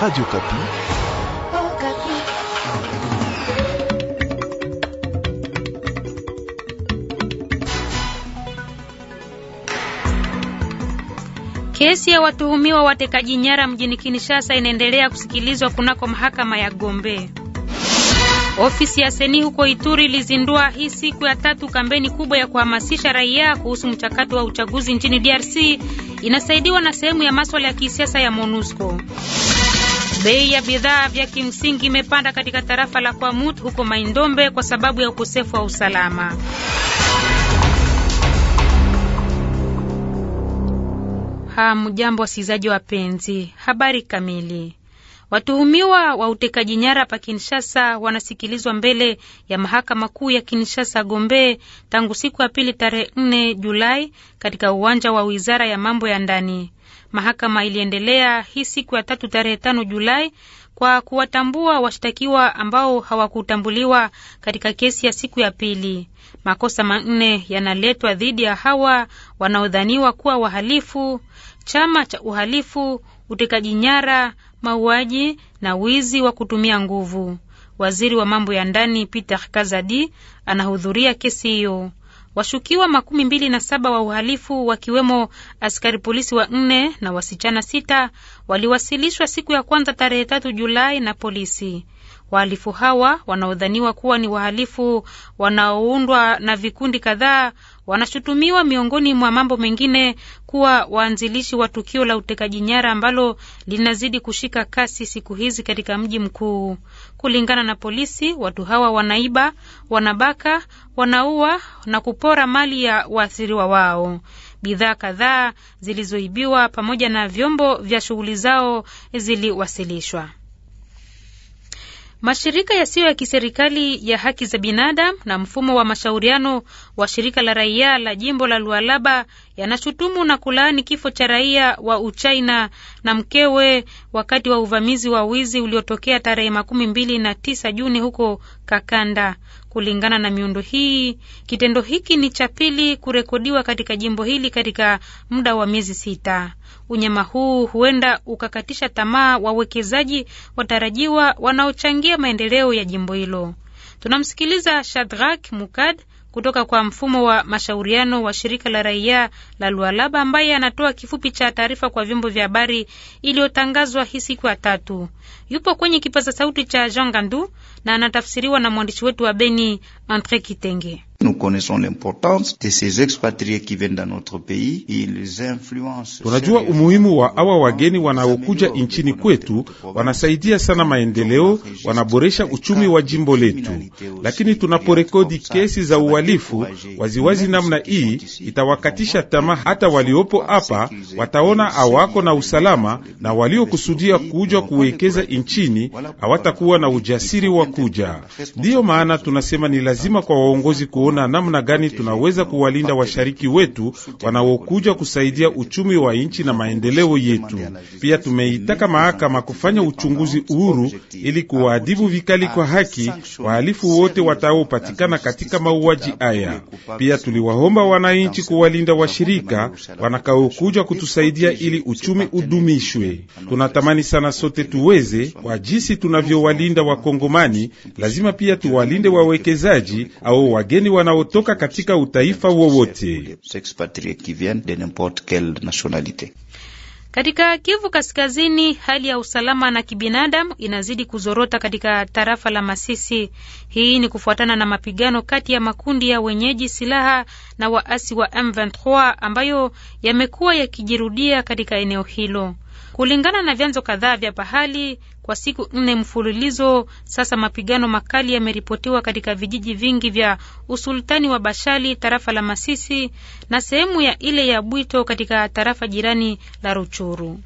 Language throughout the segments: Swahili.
Radio Kapi. Oh, Kapi. Kesi ya watuhumiwa watekaji nyara mjini Kinshasa inaendelea kusikilizwa kunako mahakama ya Gombe. Ofisi ya Seni huko Ituri ilizindua hii siku ya tatu kampeni kubwa ya kuhamasisha raia kuhusu mchakato wa uchaguzi nchini DRC inasaidiwa na sehemu ya masuala ya kisiasa ya MONUSCO. Bei ya bidhaa vya kimsingi imepanda katika tarafa la Kwamut huko Maindombe kwa sababu ya ukosefu wa usalama. Hamjambo wasikilizaji wapenzi, habari kamili. Watuhumiwa wa utekaji nyara pa Kinshasa wanasikilizwa mbele ya mahakama kuu ya Kinshasa Gombe tangu siku ya pili tarehe 4 Julai katika uwanja wa wizara ya mambo ya ndani. Mahakama iliendelea hii siku ya tatu tarehe tano Julai kwa kuwatambua washtakiwa ambao hawakutambuliwa katika kesi ya siku ya pili. Makosa manne yanaletwa dhidi ya hawa wanaodhaniwa kuwa wahalifu: chama cha uhalifu, utekaji nyara, mauaji na wizi wa kutumia nguvu. Waziri wa mambo ya ndani Peter Kazadi anahudhuria kesi hiyo. Washukiwa makumi mbili na saba wa uhalifu wakiwemo askari polisi wa nne na wasichana sita waliwasilishwa siku ya kwanza tarehe tatu Julai na polisi. Wahalifu hawa wanaodhaniwa kuwa ni wahalifu wanaoundwa na vikundi kadhaa wanashutumiwa miongoni mwa mambo mengine kuwa waanzilishi wa tukio la utekaji nyara ambalo linazidi kushika kasi siku hizi katika mji mkuu. Kulingana na polisi, watu hawa wanaiba, wanabaka, wanaua na kupora mali ya waathiriwa wao. Bidhaa kadhaa zilizoibiwa pamoja na vyombo vya shughuli zao ziliwasilishwa. Mashirika yasiyo ya kiserikali ya haki za binadamu na mfumo wa mashauriano wa shirika la raia la jimbo la Lualaba yanashutumu na kulaani kifo cha raia wa Uchina na mkewe wakati wa uvamizi wa wizi uliotokea tarehe makumi mbili na tisa Juni huko Kakanda. Kulingana na miundo hii, kitendo hiki ni cha pili kurekodiwa katika jimbo hili katika muda wa miezi sita. Unyama huu huenda ukakatisha tamaa wawekezaji watarajiwa wanaochangia maendeleo ya jimbo hilo. Tunamsikiliza Shadrak Mukad kutoka kwa mfumo wa mashauriano wa shirika la raia la Lualaba ambaye anatoa kifupi cha taarifa kwa vyombo vya habari iliyotangazwa hii siku ya tatu. Yupo kwenye kipaza sauti cha Jean Gandu na anatafsiriwa na mwandishi wetu wa Beni Andre Kitenge. Nous connaissons l'importance de ces expatriés qui viennent dans notre pays et les influences. Tunajua umuhimu wa awa wageni wanaokuja nchini kwetu, wanasaidia sana maendeleo, wanaboresha uchumi wa jimbo letu. Lakini tunaporekodi kesi za uhalifu waziwazi namna hii, itawakatisha tamaa. Hata waliopo hapa wataona hawako na usalama, na waliokusudia kuja kuwekeza nchini hawatakuwa na ujasiri wa kuja. Ndiyo maana tunasema ni lazima kwa waongozi kuona kuona namna gani tunaweza kuwalinda washariki wetu wanaokuja kusaidia uchumi wa nchi na maendeleo yetu. Pia tumeitaka mahakama kufanya uchunguzi uhuru ili kuwaadhibu vikali kwa haki wahalifu wote wataopatikana katika mauaji haya. Pia tuliwaomba wananchi kuwalinda washirika wanakaokuja kutusaidia ili uchumi udumishwe. Tunatamani sana sote tuweze, kwa jinsi tunavyowalinda Wakongomani, lazima pia tuwalinde wawekezaji au wageni wa wanaotoka katika utaifa wowote. Katika Kivu Kaskazini, hali ya usalama na kibinadamu inazidi kuzorota katika tarafa la Masisi. Hii ni kufuatana na mapigano kati ya makundi ya wenyeji silaha na waasi wa M23 ambayo yamekuwa yakijirudia katika eneo hilo. Kulingana na vyanzo kadhaa vya pahali, kwa siku nne mfululizo sasa. Mapigano makali yameripotiwa katika vijiji vingi vya usultani wa Bashali, tarafa la Masisi, na sehemu ya ile ya Bwito katika tarafa jirani la Ruchuru.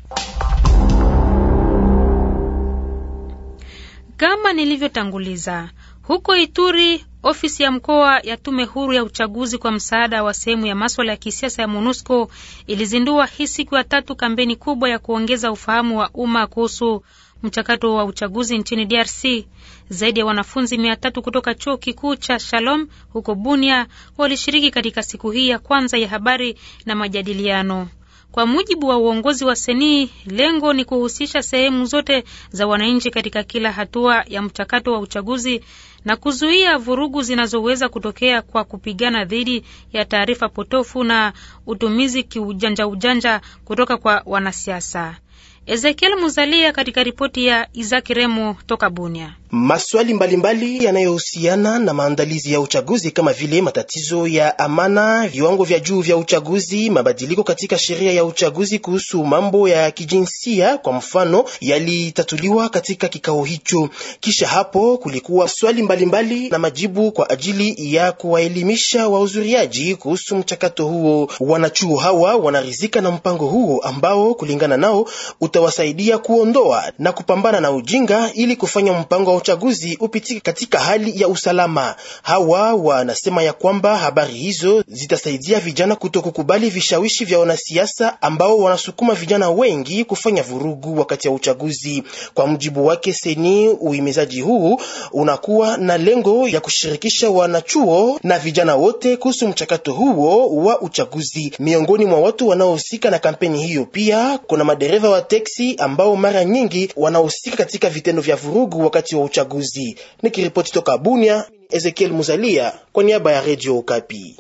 Kama nilivyotanguliza huko Ituri, ofisi ya mkoa ya tume huru ya uchaguzi kwa msaada wa sehemu ya maswala ya kisiasa ya MONUSCO ilizindua hii siku ya tatu kampeni kubwa ya kuongeza ufahamu wa umma kuhusu mchakato wa uchaguzi nchini DRC. Zaidi ya wanafunzi mia tatu kutoka chuo kikuu cha Shalom huko Bunia walishiriki katika siku hii ya kwanza ya habari na majadiliano. Kwa mujibu wa uongozi wa Senii, lengo ni kuhusisha sehemu zote za wananchi katika kila hatua ya mchakato wa uchaguzi na kuzuia vurugu zinazoweza kutokea kwa kupigana dhidi ya taarifa potofu na utumizi kiujanja ujanja kutoka kwa wanasiasa. Ezekiel Muzalia katika ripoti ya Isaac Remo toka Bunia. Maswali mbalimbali yanayohusiana na maandalizi ya uchaguzi kama vile matatizo ya amana, viwango vya juu vya uchaguzi, mabadiliko katika sheria ya uchaguzi kuhusu mambo ya kijinsia kwa mfano, yalitatuliwa katika kikao hicho. Kisha hapo kulikuwa swali mbalimbali mbali na majibu kwa ajili ya kuwaelimisha wahudhuriaji kuhusu mchakato huo. Wanachuo hawa wanarizika na mpango huo ambao kulingana nao utawasaidia kuondoa na kupambana na ujinga ili kufanya mpango uchaguzi upitike katika hali ya usalama. Hawa wanasema ya kwamba habari hizo zitasaidia vijana kutokukubali vishawishi vya wanasiasa ambao wanasukuma vijana wengi kufanya vurugu wakati ya uchaguzi. Kwa mujibu wake Seni, uimizaji huu unakuwa na lengo ya kushirikisha wanachuo na vijana wote kuhusu mchakato huo wa uchaguzi. Miongoni mwa watu wanaohusika na kampeni hiyo pia kuna madereva wa teksi ambao mara nyingi wanahusika katika vitendo vya vurugu wakati wa uchaguzi uchaguzi. Nikiripoti toka Bunia, Ezekiel Muzalia kwa niaba ya Redio Okapi.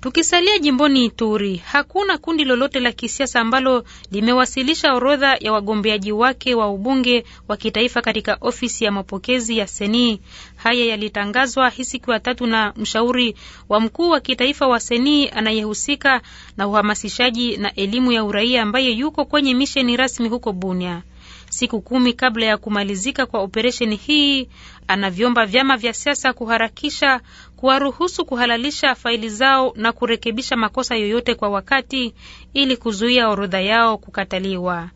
Tukisalia jimboni Ituri, hakuna kundi lolote la kisiasa ambalo limewasilisha orodha ya wagombeaji wake wa ubunge wa kitaifa katika ofisi ya mapokezi ya Seni. Haya yalitangazwa hii siku ya tatu na mshauri wa mkuu wa kitaifa wa Seni anayehusika na uhamasishaji na elimu ya uraia ambaye yuko kwenye misheni rasmi huko Bunia siku kumi kabla ya kumalizika kwa operesheni hii, anavyomba vyama vya siasa kuharakisha kuwaruhusu kuhalalisha faili zao na kurekebisha makosa yoyote kwa wakati ili kuzuia orodha yao kukataliwa.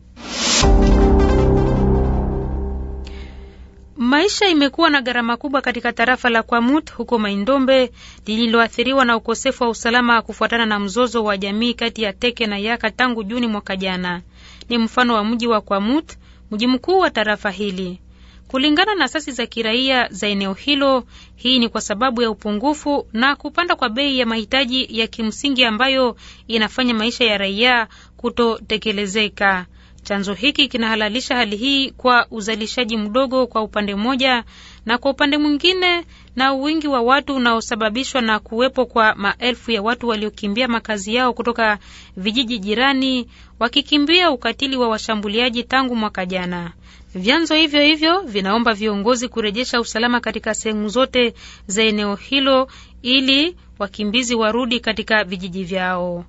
Maisha imekuwa na gharama kubwa katika tarafa la Kwamut huko Maindombe lililoathiriwa na ukosefu wa usalama kufuatana na mzozo wa jamii kati ya Teke na Yaka tangu Juni mwaka jana. Ni mfano wa mji wa Kwamut mji mkuu wa tarafa hili. Kulingana na asasi za kiraia za eneo hilo, hii ni kwa sababu ya upungufu na kupanda kwa bei ya mahitaji ya kimsingi ambayo inafanya maisha ya raia kutotekelezeka. Chanzo hiki kinahalalisha hali hii kwa uzalishaji mdogo kwa upande mmoja, na kwa upande mwingine na wingi wa watu unaosababishwa na kuwepo kwa maelfu ya watu waliokimbia makazi yao kutoka vijiji jirani wakikimbia ukatili wa washambuliaji tangu mwaka jana. Vyanzo hivyo hivyo vinaomba viongozi kurejesha usalama katika sehemu zote za eneo hilo ili wakimbizi warudi katika vijiji vyao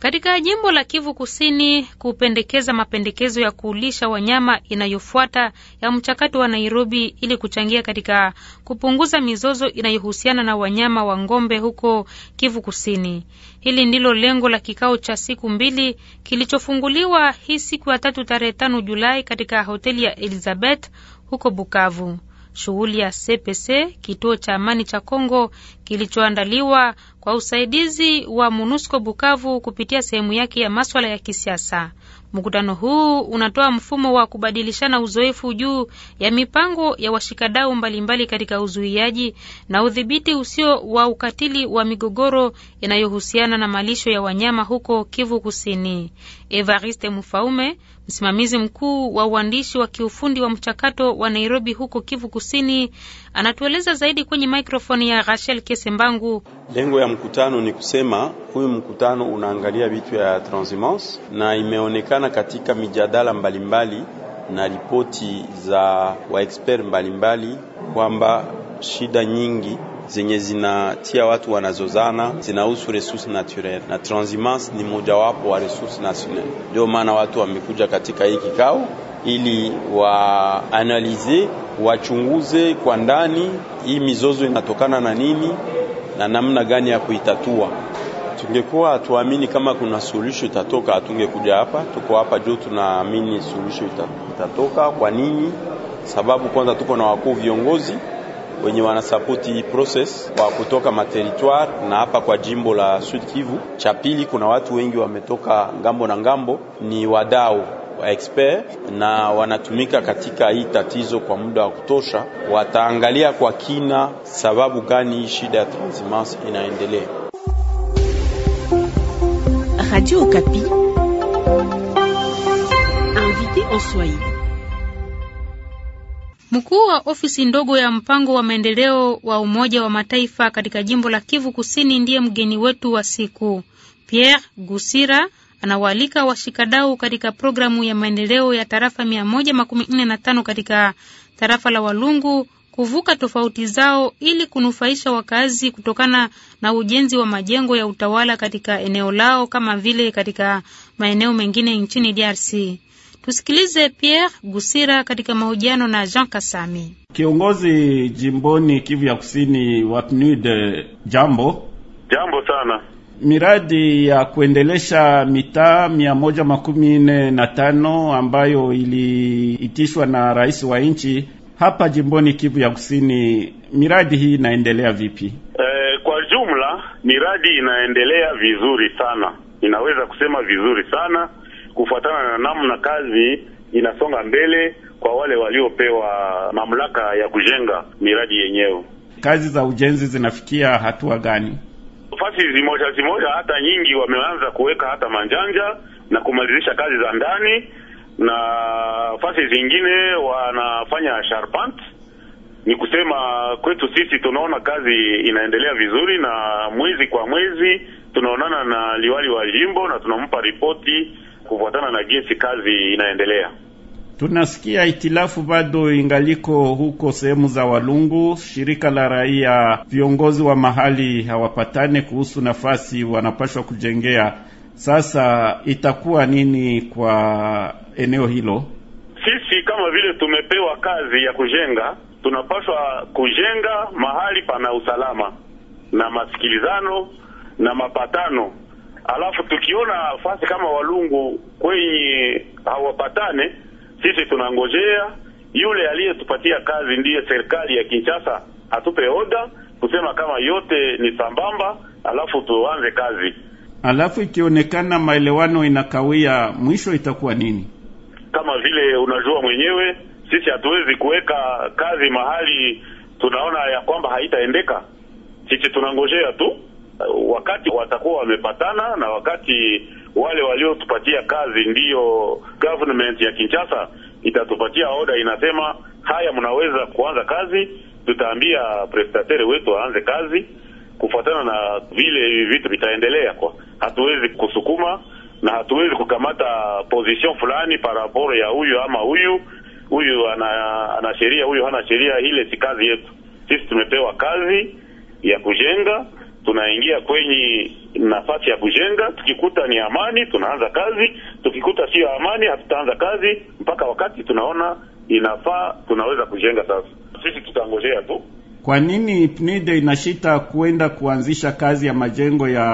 katika jimbo la Kivu Kusini kupendekeza mapendekezo ya kuulisha wanyama inayofuata ya mchakato wa Nairobi ili kuchangia katika kupunguza mizozo inayohusiana na wanyama wa ng'ombe huko Kivu Kusini. Hili ndilo lengo la kikao cha siku mbili kilichofunguliwa hii siku ya tatu tarehe tano Julai katika hoteli ya Elizabeth huko Bukavu shughuli ya CPC, kituo cha amani cha Kongo kilichoandaliwa kwa usaidizi wa MONUSCO Bukavu kupitia sehemu yake ya maswala ya kisiasa. Mkutano huu unatoa mfumo wa kubadilishana uzoefu juu ya mipango ya washikadau mbalimbali katika uzuiaji na udhibiti usio wa ukatili wa migogoro inayohusiana na malisho ya wanyama huko Kivu Kusini. Evariste Mufaume Msimamizi mkuu wa uandishi wa kiufundi wa mchakato wa Nairobi huko Kivu Kusini anatueleza zaidi kwenye mikrofoni ya Rachel Kesembangu. Lengo ya mkutano ni kusema huyu mkutano unaangalia vitu ya transhumance na imeonekana katika mijadala mbalimbali na ripoti za waexpert mbalimbali kwamba shida nyingi zenye zinatia watu wanazozana zinahusu resource naturel, na transhumance ni mojawapo wa resource national. Ndio maana watu wamekuja katika hii kikao ili waanalize, wachunguze kwa ndani hii mizozo inatokana na nini na namna gani ya kuitatua. Tungekuwa hatuamini kama kuna suluhisho itatoka, hatungekuja hapa. Tuko hapa juu tunaamini suluhisho itatoka. Kwa nini? Sababu kwanza tuko na wakuu viongozi wenye wanasapoti hii process kwa kutoka materitware na hapa kwa jimbo la Sud Kivu. Cha pili, kuna watu wengi wametoka ngambo na ngambo, ni wadau expert na wanatumika katika hii tatizo kwa muda wa kutosha. Wataangalia kwa kina sababu gani hii shida ya transhumance inaendelea. Radio Okapi invité en Swahili Mkuu wa ofisi ndogo ya mpango wa maendeleo wa Umoja wa Mataifa katika jimbo la Kivu Kusini ndiye mgeni wetu wa siku. Pierre Gusira anawaalika washikadau katika programu ya maendeleo ya tarafa mia katika tarafa la Walungu kuvuka tofauti zao ili kunufaisha wakazi kutokana na ujenzi wa majengo ya utawala katika eneo lao kama vile katika maeneo mengine nchini DRC. Tusikilize Pierre Gusira katika mahojiano na Jean Kasami, kiongozi jimboni Kivu ya Kusini wa PNUD. Jambo jambo sana. Miradi ya kuendelesha mitaa mia moja makumi nne na tano ambayo iliitishwa na rais wa nchi hapa jimboni Kivu ya Kusini, miradi hii inaendelea vipi? E, kwa jumla miradi inaendelea vizuri sana, inaweza kusema vizuri sana kufuatana na namna kazi inasonga mbele kwa wale waliopewa mamlaka ya kujenga miradi yenyewe. Kazi za ujenzi zinafikia hatua gani? Fasi zimoja zimoja, hata nyingi wameanza kuweka hata manjanja na kumalizisha kazi za ndani, na fasi zingine wanafanya sharpant. Ni kusema kwetu sisi tunaona kazi inaendelea vizuri, na mwezi kwa mwezi tunaonana na liwali wa jimbo na tunampa ripoti kufuatana na jinsi kazi inaendelea. Tunasikia itilafu bado ingaliko huko sehemu za Walungu, shirika la raia, viongozi wa mahali hawapatane kuhusu nafasi wanapashwa kujengea. Sasa itakuwa nini kwa eneo hilo? Sisi kama vile tumepewa kazi ya kujenga, tunapashwa kujenga mahali pana usalama na masikilizano na mapatano alafu tukiona fasi kama walungu kwenye hawapatane, sisi tunangojea yule aliyetupatia kazi, ndiye serikali ya Kinshasa atupe oda kusema kama yote ni sambamba, alafu tuanze kazi. Alafu ikionekana maelewano inakawia, mwisho itakuwa nini? Kama vile unajua mwenyewe, sisi hatuwezi kuweka kazi mahali tunaona ya kwamba haitaendeka. Sisi tunangojea tu Uh, wakati watakuwa wamepatana na wakati wale waliotupatia kazi, ndiyo government ya Kinshasa itatupatia oda inasema, haya mnaweza kuanza kazi, tutaambia prestatere wetu aanze kazi kufuatana na vile hivi vitu vitaendelea. Kwa hatuwezi kusukuma na hatuwezi kukamata position fulani paraporo ya huyu ama huyu, huyu ana, ana sheria, huyu hana sheria. Ile si kazi yetu sisi, tumepewa kazi ya kujenga tunaingia kwenye nafasi ya kujenga. Tukikuta ni amani, tunaanza kazi. Tukikuta siyo amani, hatutaanza kazi mpaka wakati tunaona inafaa, tunaweza kujenga. Sasa sisi tutangojea tu. Kwa nini PNIDE inashita kwenda kuanzisha kazi ya majengo ya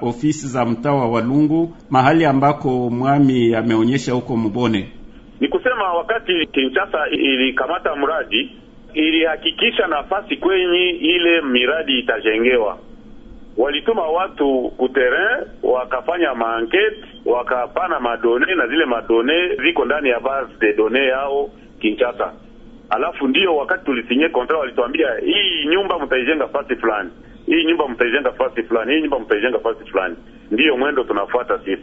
ofisi za mtaa wa Walungu, mahali ambako mwami ameonyesha huko Mbone? Ni kusema wakati Kinshasa ilikamata mradi ilihakikisha nafasi kwenye ile miradi itajengewa walituma watu kuterrain, wakafanya maankete, wakapana madone na zile madone ziko ndani ya base de donne yao Kinshasa. Alafu ndio wakati tulisinye kontra, walituambia hii nyumba mtaijenga fasi fulani, hii nyumba mtaijenga fasi fulani, hii nyumba mtaijenga fasi fulani. Ndiyo mwendo tunafuata sisi.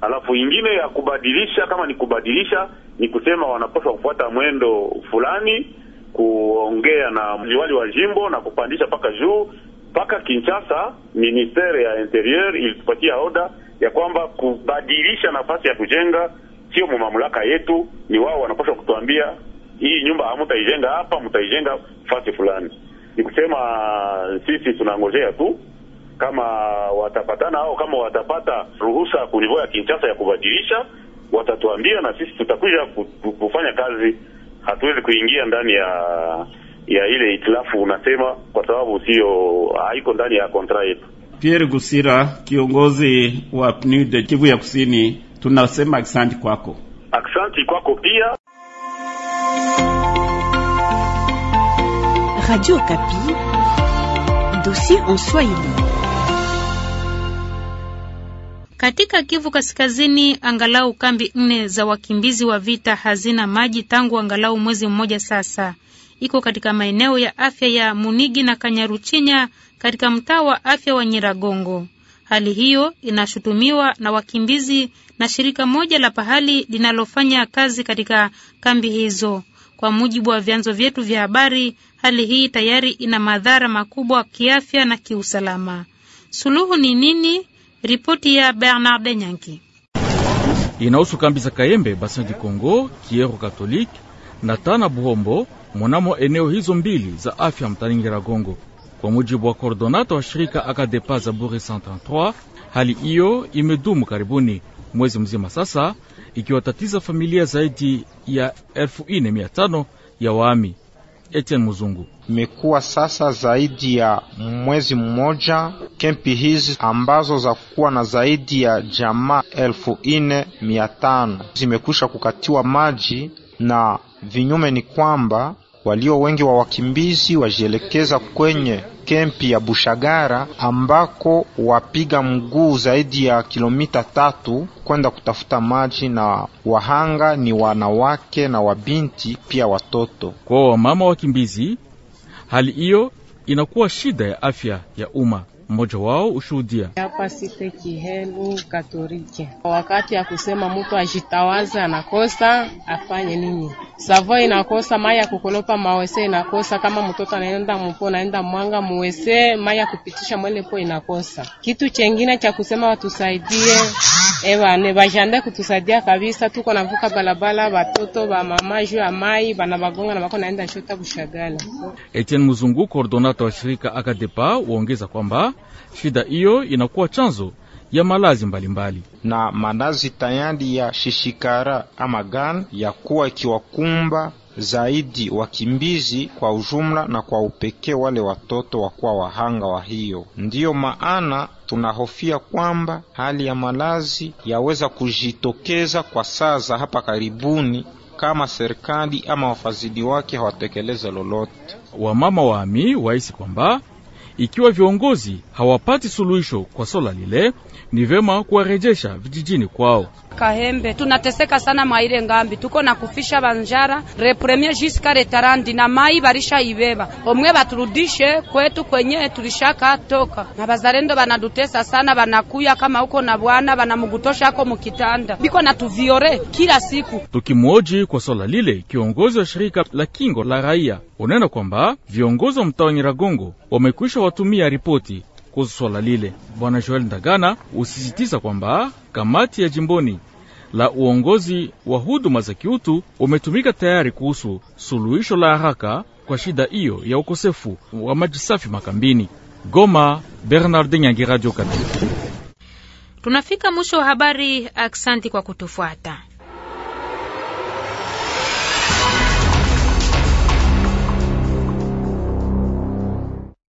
Alafu ingine ya kubadilisha, kama ni kubadilisha, ni kusema wanapaswa kufuata mwendo fulani, kuongea na mliwali wa jimbo na kupandisha mpaka juu mpaka Kinshasa. Ministere ya Interior ilitupatia oda ya kwamba kubadilisha nafasi ya kujenga sio mamlaka yetu, ni wao wanapaswa kutuambia hii nyumba hamtaijenga hapa, mtaijenga fasi fulani. Ni kusema sisi tunangojea tu kama watapatana au kama watapata ruhusa kunivo ya Kinshasa ya kubadilisha, watatuambia na sisi tutakuja kufanya kazi. Hatuwezi kuingia ndani ya ya ile itilafu unasema, kwa sababu sio haiko ndani ya kontra yetu. Pierre Gusira, kiongozi wa PNUD Kivu ya Kusini, tunasema aksanti kwako. Aksanti kwako pia. Radio Okapi, dossier en Swahili. Katika Kivu Kaskazini, angalau kambi nne za wakimbizi wa vita hazina maji tangu angalau mwezi mmoja sasa iko katika maeneo ya afya ya Munigi na Kanyaruchinya katika mtaa wa afya wa Nyiragongo. Hali hiyo inashutumiwa na wakimbizi na shirika moja la pahali linalofanya kazi katika kambi hizo. Kwa mujibu wa vyanzo vyetu vya habari, hali hii tayari ina madhara makubwa kiafya na kiusalama. Suluhu ni nini? Ripoti ya Bernard Nyanki inahusu kambi za Kayembe, Basin du Congo, Kiero Katolik na Tana Buhombo munamo eneo hizo mbili za afya mtani Nyiragongo. Kwa mujibu wa kordonato wa shirika Akadepa Zaburi 133, hali hiyo imedumu karibuni mwezi mzima sasa, ikiwatatiza familia zaidi ya elfu ya waami. Etienne Muzungu, imekuwa sasa zaidi ya mwezi mmoja kempi hizi ambazo za kuwa na zaidi ya jamaa elfu ine mia tano zimekwisha kukatiwa maji na vinyume ni kwamba walio wengi wa wakimbizi wajielekeza kwenye kempi ya Bushagara ambako wapiga mguu zaidi ya kilomita tatu kwenda kutafuta maji, na wahanga ni wanawake na wabinti, pia watoto. Kwa wamama wakimbizi, hali hiyo inakuwa shida ya afya ya umma. Mmoja wao ushuhudia hapa site Kihelu katorike wakati ya kusema mtu ajitawaze anakosa afanye nini, savo inakosa mai ya kukolopa mawese inakosa, kama mtoto anaenda mpo naenda mwanga muwese mai ya kupitisha mwele po inakosa, kitu chengine cha kusema watusaidie Ebane eh, bajanda kutusaidia kabisa, tuko navuka balabala, batoto ba mama juu ya mai bana bagonga na bako naenda shota bushagala. Etienne Muzungu, coordonata wa shirika Akadepa, waongeza kwamba shida hiyo inakuwa chanzo ya malazi mbalimbali mbali. Na malazi tayari ya shishikara ama gan ya kuwa ikiwakumba zaidi wakimbizi kwa ujumla na kwa upekee wale watoto wakuwa wahanga wa hiyo. Ndiyo maana tunahofia kwamba hali ya malazi yaweza kujitokeza kwa saa za hapa karibuni kama serikali ama wafadhili wake hawatekeleza lolote. Wamama waamii waisi kwamba ikiwa viongozi hawapati suluhisho kwa swala lile, ni vema kuwarejesha vijijini kwao. Kahembe tunateseka sana mwaile ngambi, tuko na kufisha banjara repremie jiska retarandi na mai barisha ibeba omwe, baturudishe kwetu kwenye tulishaka toka. Na bazalendo banadutesa sana, banakuya kama uko na bwana banamugutosha ako mukitanda, biko na tuviore kila siku. Tukimwoji kwa swala lile, kiongozi wa shirika la kingo la raia unena kwamba viongozi wa mtaa wa Nyiragongo wamekwisha itawatumia ripoti kuhusu swala lile. Bwana Joel Ndagana husisitiza kwamba kamati ya jimboni la uongozi wa huduma za kiutu umetumika tayari kuhusu suluhisho la haraka kwa shida hiyo ya ukosefu wa maji safi makambini. Goma, Bernard Nyangi, Radio Kapi. Tunafika mwisho wa habari. Aksanti kwa kutufuata.